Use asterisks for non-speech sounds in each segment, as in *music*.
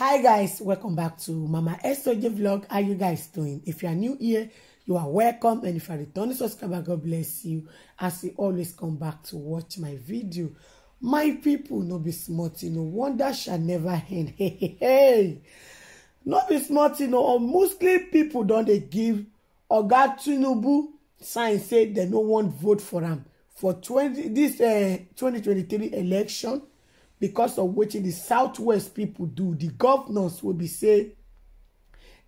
hi guys welcome back to mama soj vlog how you guys doing if you are new here you are welcome and if you are returning subscriber god bless you as you always come back to watch my video my people no be small you know wonder shall never end *laughs* hey no be small you know muslim people don't they give oga tunubu. sign say they no want vote for am for 20 dis uh, 2023 election because of what the southwest people do the governors will be say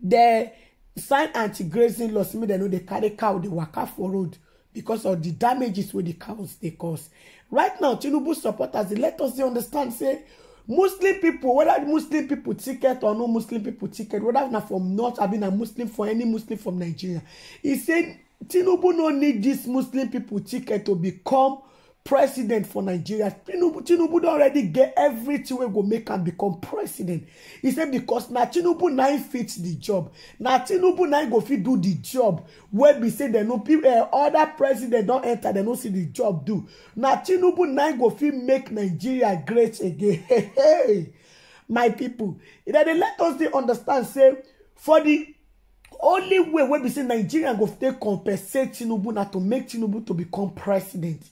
they sign anti-grazing laws make they know they carry cow dey waka for road because of the damages wey the cows they cause right now tinubu supporters dey let us understand say muslim people, whether muslim people ticket or no muslim people ticket whether na from north abi a muslim for any muslim from nigeria he said tinubu no need this muslim people ticket to become president for nigeria tinubu tinubu don already get everything wey go make am become president He say because na tinubu na im fit di job na tinubu na im go fit do the job wey be say dem no uh, other president don enter dem no see the job do na tinubu na im go fit make nigeria great again *laughs* my people. dem dey let us dey understand say for the only way wey be say nigeria go take compensate tinubu na to make tinubu to become president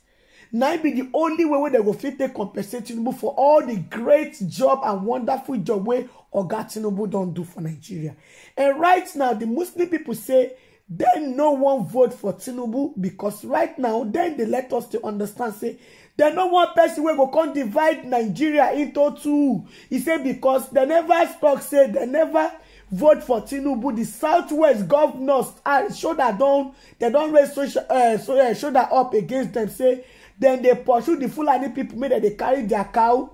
na be the only way where they go fit take compensate tinubu for all the great job and wonderful job wey oga tinubu don do for nigeria and right now the muslim people say dem no wan vote for tinubu because right now then they let us to understand say they no want person wey go come divide nigeria into two He say because they never talk say they never vote for tinubu di southwest govnors ah, shoulder don raise social eh, eh, shoulder up against them say Then they pursue the fulani people make dem dey carry their cow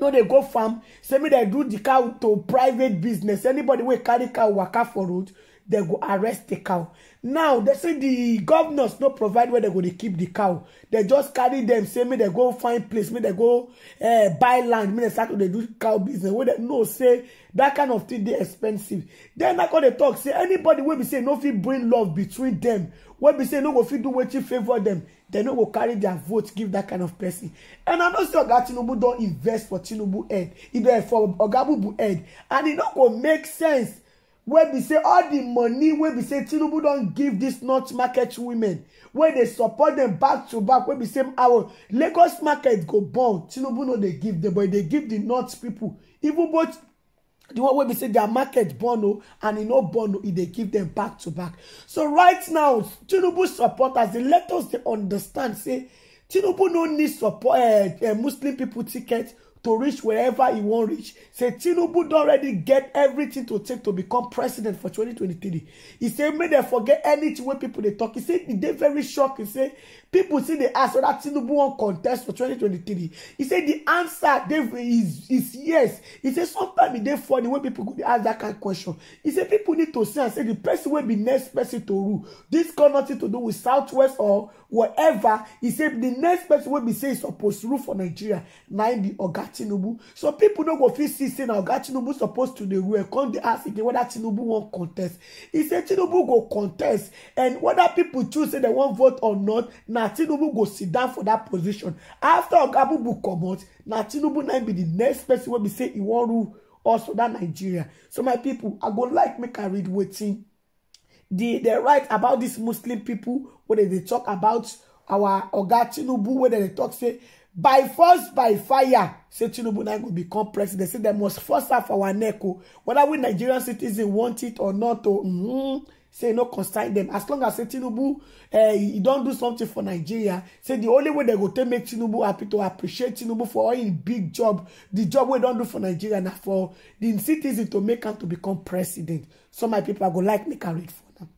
no dey go farm say make dem do the cow to private business anybody wey carry cow waka for road They go arrest the cow now they say the governors no provide where dem go to keep the cow They just carry them. say me they go find place make they go eh, buy land make they start to do cow business Where they no say that kind of thing They expensive Then den nacon dey talk. say anybody will be say no fit bring love between them. Will be say no go fit do wetin favour them. They no go carry their vote give that kind of person and i know say oga tinubu don't invest for tinubu head e for ogabubu head and it e no go make sense wey be say all the money wey be say tinubu don give this north market women wey dey support dem back to back wey be say our lagos market go burn tinubu no dey give dem but e dey give di north pipo even both the one wey be say their market burn o and e no burn o e dey give dem back to back so right now tinubu supporters dey let us dey understand say tinubu no need support eh, eh, muslim people ticket to reach wherever he won't reach. Say Tinubu don't already get everything to take to become president for 2023. He said, may they forget anything when people they talk. He said, they very shocked. He said, People see the ask whether Tinubu won contest for 2023. He said the answer is, is yes. He said sometimes it dey funny when people go ask that kind of question. He said people need to see and say the person will be next person to rule. This got nothing to do with Southwest or whatever. He said the next person will be say supposed to rule for Nigeria na him be Oga Tinubu. So people don't go feel see say na Oga Tinubu supposed to the rule. Come dey ask again whether Tinubu won contest. He said Tinubu go contest and whether people choose say they wan vote or not na na tinubu go sit down for dat position afta oga bubu comot na tinubu na be di next person wey be say e wan rule also dat nigeria so my pipo i go like make i read wetin di write about dis muslim pipo wey dem dey tok about our oga tinubu wey dem dey tok say by force by fire say tinubu na go become president say dem must force am for our neck o oh. whether we nigerian citizens want it or not o oh, mm -hmm, say no consign dem as long as say tinubu eh, e don do something for nigeria say the only way dem go take make tinubu happy to appreciate tinubu for all im big job the job wey don do for nigeria na for the citizen to make am to become president so my people i go like make i read for am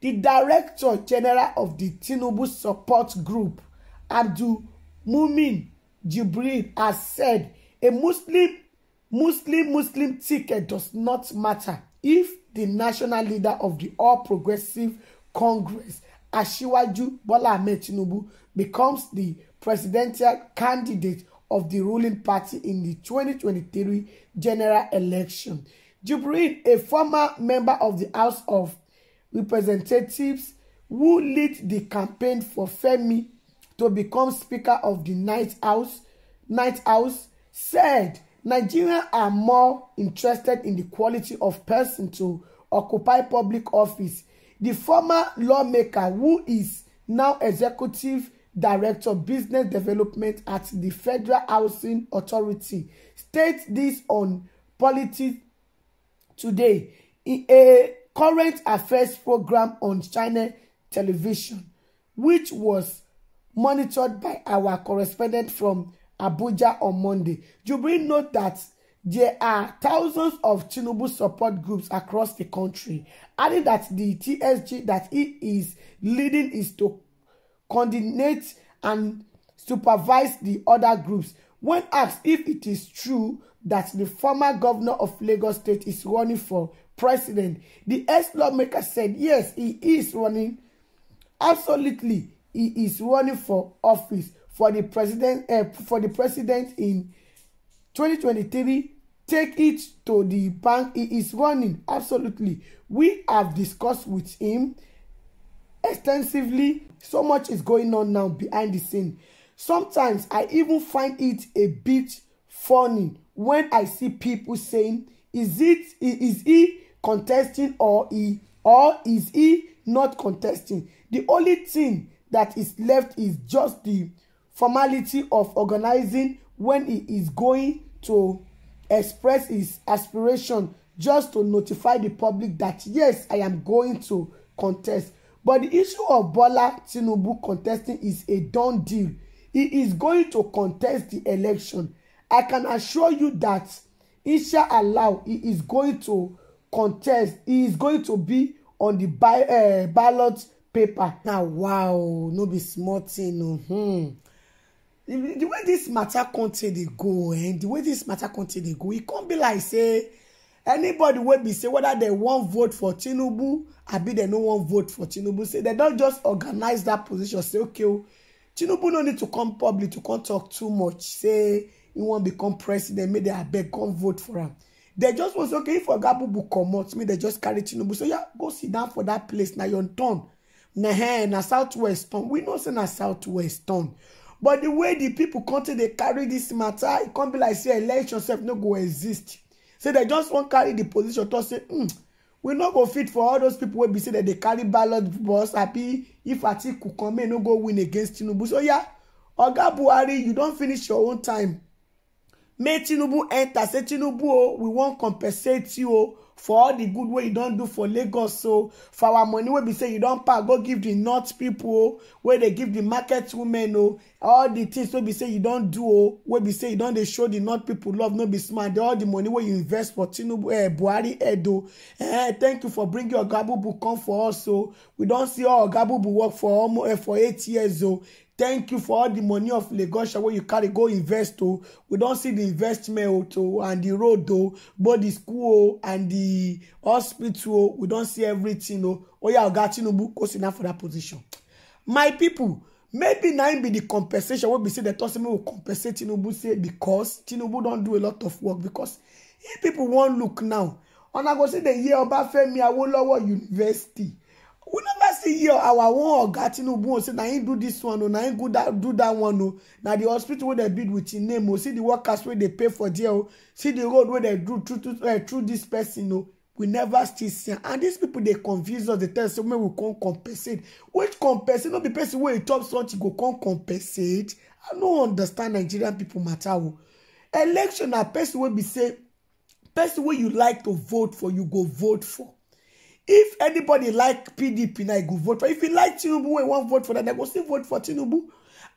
the director general of the tinubu support group abdul Mumin Jibril has said a Muslim Muslim Muslim ticket does not matter if the national leader of the All Progressive Congress Asiwaju Bola Ahmed Tinubu becomes the presidential candidate of the ruling party in the 2023 general election. Jibril, a former member of the House of Representatives who lead the campaign for Femi to become Speaker of the night House, night House said Nigerians are more interested in the quality of person to occupy public office. The former lawmaker, who is now executive director business development at the Federal Housing Authority, states this on Politics Today in a current affairs program on China Television, which was monitored by our correspondent from Abuja on Monday. Jubril note that there are thousands of Tinubu support groups across the country, adding that the TSG that he is leading is to coordinate and supervise the other groups. When asked if it is true that the former governor of Lagos State is running for president, the ex-lawmaker said, yes, he is running. Absolutely he is running for office for the president uh, for the president in 2023 take it to the bank he is running absolutely we have discussed with him extensively so much is going on now behind the scene sometimes i even find it a bit funny when i see people saying is it is he contesting or he or is he not contesting the only thing that is left is just the formality of organizing when he is going to express his aspiration just to notify the public that yes i am going to contest but the issue of bola tinubu contesting is a done deal he is going to contest the election i can assure you that Allow he is going to contest he is going to be on the by, uh, ballot paper now wow no be small tin o hmm the way this matter continue dey go and eh, the way this matter continue dey go it can't be like say anybody wey be say whether they wan vote for tinubu be they no wan vote for tinubu say they don't just organize that position say okay o oh, tinubu no need to come public to come talk too much say e wan become president make dem beg come vote for him. They just wan say okay if oga come out. Me, they just carry tinubu so yeah, go sit down for that place Now your turn na hey, na southwest turn we know say na southwest turn but the way the people continue they carry this matter it come be like say election sef no go exist So they just wan carry the position to say hmm we no go fit for all those people wey be say that they carry ballot box happy if atiku come may no go win against tinubu so yeah, oga buhari you don't finish your own time make tinubu enter say tinubu Oh, we won't compensate you oh, for all the good work you don't do for lagos So for our money wey be say you don't pack go give the north people. o wey dey give the market women Oh, all the things wey be say you don't do Oh, wey be say you don't dey show the north people love no be smart all the money where you invest for tinubu eh buhari Edo. o eh thank you for bringing oga bubu come for us So we don't see all oga bubu work for almost eh, for eight years o thank you for all the money of lagos wey you carry go invest o oh. we don see the investment oh, o and the road o oh. both the school o and the hospital o we don see everything o oya oga tinubu go sit down for that position my people maybe na im be the compensation wey be say dem talk say make we compensate tinubu say because tinubu don do a lot of work because if people wan look now una go see the year obafemi awolowo university we never see here our one oga tinubu o say na him do this one o na him do that one o na the hospital wey dem build with him name o see the workers wey dey pay for there o see the road wey dem do through through eh, through this person o we never still see am and these people dey confuse us dey tell say make we come compensate which compensate no be person wey e chop something go come compensate i no understand nigerian people matter o election na person wey be say person wey you like to vote for you go vote for if anybody like pdp na e go vote for if you like tinubu we won't vote for that. dem go still vote for tinubu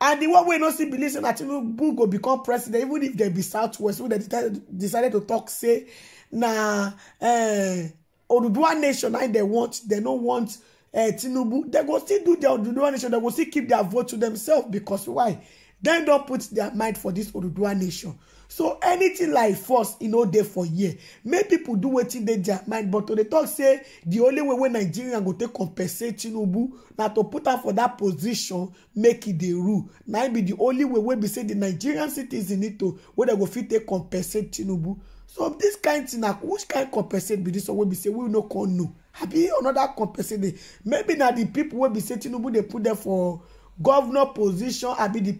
and the one wey no see believe that tinubu go become president even if dem be southwest wey they decided to talk, say na eh oduduwa nation na dem want they no want eh, tinubu They go still do their oduduwa nation They go still keep their vote to themselves because why dem don't put their mind for this oduduwa nation so anything like force e no dey for year. make people do wetin dey their mind but to dey talk, say the only way wey nigeria go take compensate tinubu na to put am for that position make it the rule na im be di only way wey be say the nigerian citizens need to where they go fit take compensate tinubu so this kind tin na which kind compensate be this? one wey be say we no con know abi another compensate maybe now the people will be say tinubu they put them for governor position i be the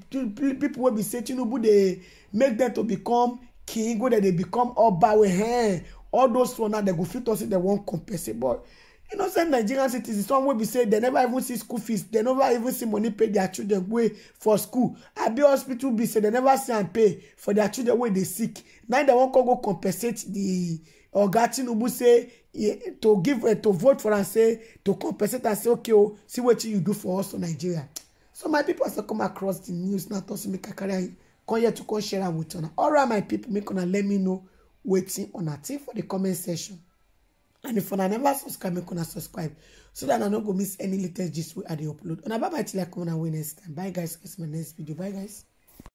people wey be say tinubu dey make them to become king wey dem dey become oba wey hen eh, all those one na dem go fit talk say dem wan compensate but you know say nigerian citizens some wey be say dem never even see school fees dem never even see money pay their children wey for school abi hospital bill say dem never see am pay for their children wey dey sick Now dem wan come go compensate the oga tinubu say eh, to give uh, to vote for am say to compensate am say okay o oh, see wetin you do for us for nigeria so my pipo as i come across di news na tosi make i carry am come here to come share am with una all right my pipo make una let me know wetin una think for di comment section and if una never subscribe make una subscribe so dat una no go miss any latest gist wey i dey upload una bye bye till i come una wey next time bye guys see my next video bye guys.